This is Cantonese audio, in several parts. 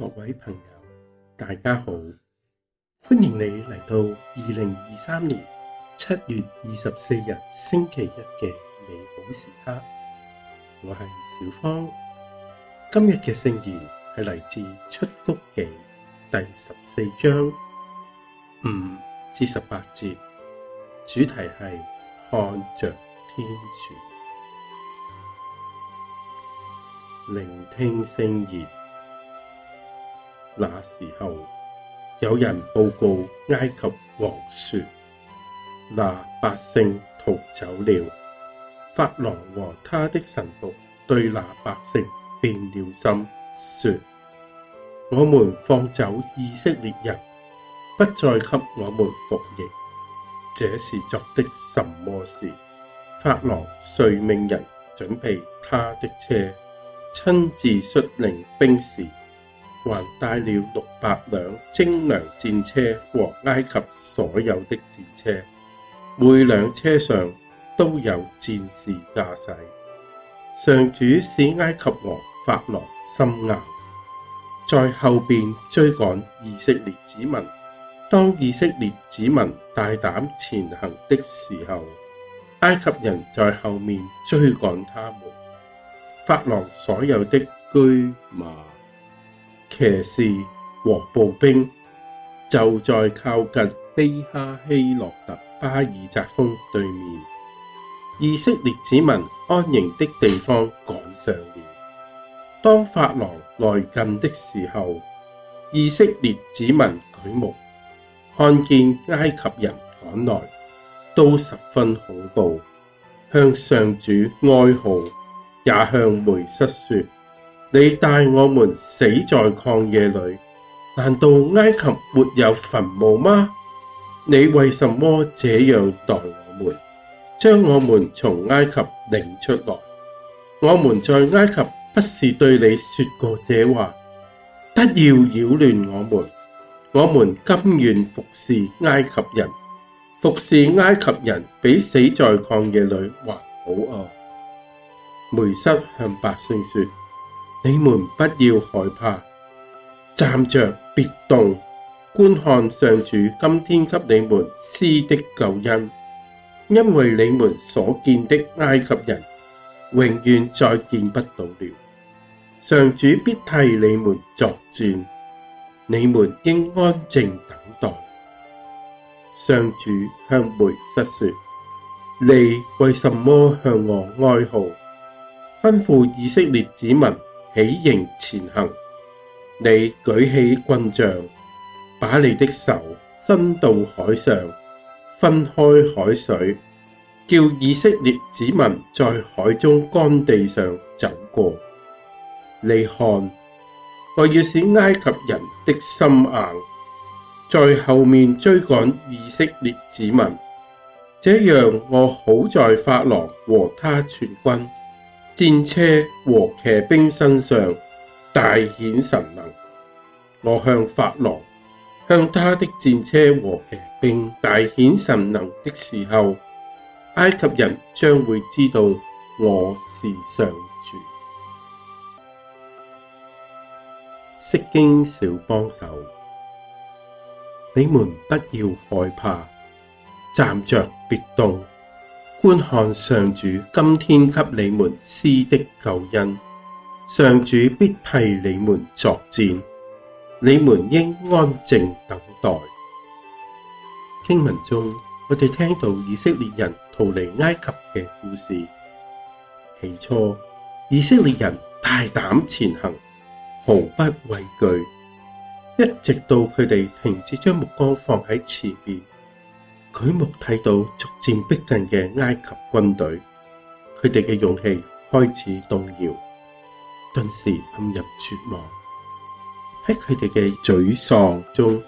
各位朋友，大家好，歡迎你嚟到二零二三年七月二十四日星期一嘅美好時刻。我係小芳。今日嘅聖言係嚟自出谷記第十四章五至十八節，主題係看着天主，聆聽聖言。那時候，有人報告埃及王說，那百姓逃走了。法郎和他的臣僕對那百姓變了心，說：我們放走以色列人，不再給我們服役，這是作的什麼事？法郎遂命人準備他的車，親自率領兵士。還帶了六百輛精良戰車和埃及所有的戰車，每輛車上都有戰士駕駛。上主使埃及王法郎心硬，在後邊追趕以色列子民。當以色列子民大膽前行的時候，埃及人在後面追趕他們。法郎所有的車馬，騎士和步兵就在靠近丕哈希洛特，巴耳責豐對面，以色列子民安營的地方趕上了。當法郎來近的時候，以色列子民舉目看見埃及人趕來，都十分恐怖，向上主哀號，也向梅瑟說。你帶我們死在曠野裏，難道埃及沒有墳墓嗎？你為什麼這樣待我們？將我們從埃及領出來？我們在埃及不是對你說過這話，不要擾亂我們。我們甘願服侍埃及人，服侍埃及人比死在曠野裏還好哦。梅瑟向百姓說。你們不要害怕，站着別動，觀看上主今天給你們施的救恩，因為你們所見的埃及人，永遠再見不到了。上主必替你們作戰，你們應安靜等待。上主向梅瑟說：你為什麼向我哀號？吩咐以色列子民，起營前行，你舉起棍杖，把你的手伸到海上，分開海水，叫以色列子民在海中乾地上走過。你看，我要使埃及人的心硬，在後面追趕以色列子民，這樣我好在法郎和他全軍。戰車和騎兵身上大顯神能。我向法郎，向他的戰車和騎兵大顯神能的時候，埃及人將會知道我是上主。釋經小幫手，你們不要害怕，站着別動。觀看上主今天給你們施的救恩，上主必替你們作戰，你們應安靜等待。經文中，我哋聽到以色列人逃離埃及嘅故事。起初，以色列人大膽前行，毫不畏懼，一直到佢哋停止將目光放喺前面。舉目睇到逐漸逼近嘅埃及軍隊，佢哋嘅勇氣開始動搖，頓時陷入絕望。喺佢哋嘅沮喪中，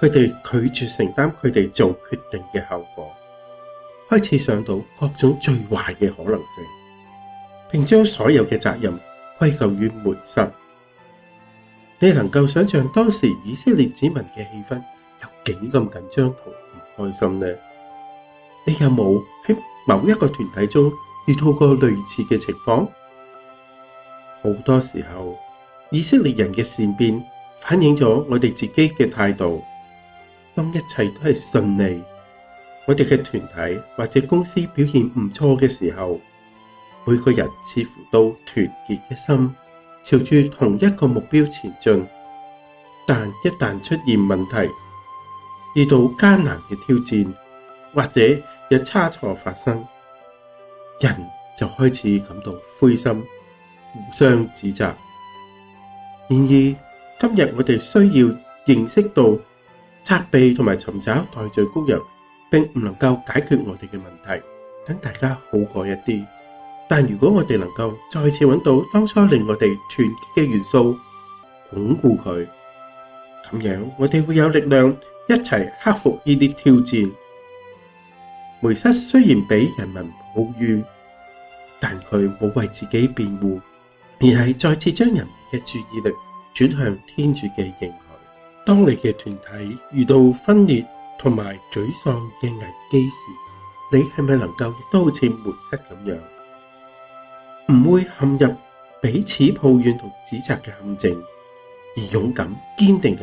佢哋拒絕承擔佢哋做決定嘅後果，開始想到各種最壞嘅可能性，並將所有嘅責任歸咎於梅瑟。你能夠想象當時以色列子民嘅氣氛有幾咁緊張同開心呢，你有冇喺某一個團體中遇到過類似嘅情況？好多時候，以色列人嘅善變反映咗我哋自己嘅態度。當一切都係順利，我哋嘅團體或者公司表現唔錯嘅時候，每個人似乎都團結一心，朝住同一個目標前進。但一旦出現問題，遇到艱難嘅挑戰，或者有差錯發生，人就開始感到灰心，互相指責。然而，今日我哋需要認識到，責備同埋尋找代罪羔羊，並唔能夠解決我哋嘅問題，等大家好過一啲。但如果我哋能夠再次揾到當初令我哋團結嘅元素，鞏固佢。咁樣，我哋會有力量一齊克服呢啲挑戰。梅瑟雖然俾人民抱怨，但佢冇為自己辯護，而係再次將人民嘅注意力轉向天主嘅應許。當你嘅團體遇到分裂同埋沮喪嘅危機時，你係咪能夠亦都好似梅瑟咁樣，唔會陷入彼此抱怨同指責嘅陷阱，而勇敢、堅定咁？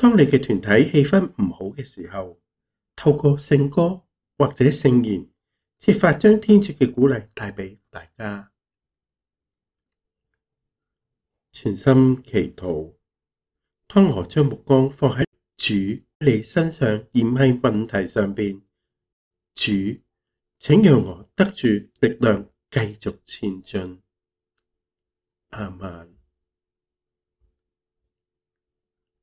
當你嘅團體氣氛唔好嘅時候，透過聖歌或者聖言，設法將天主嘅鼓勵帶俾大家。全心祈禱，當我將目光放喺主你身上，而唔係問題上邊。主，請讓我得著力量，繼續前進。阿們。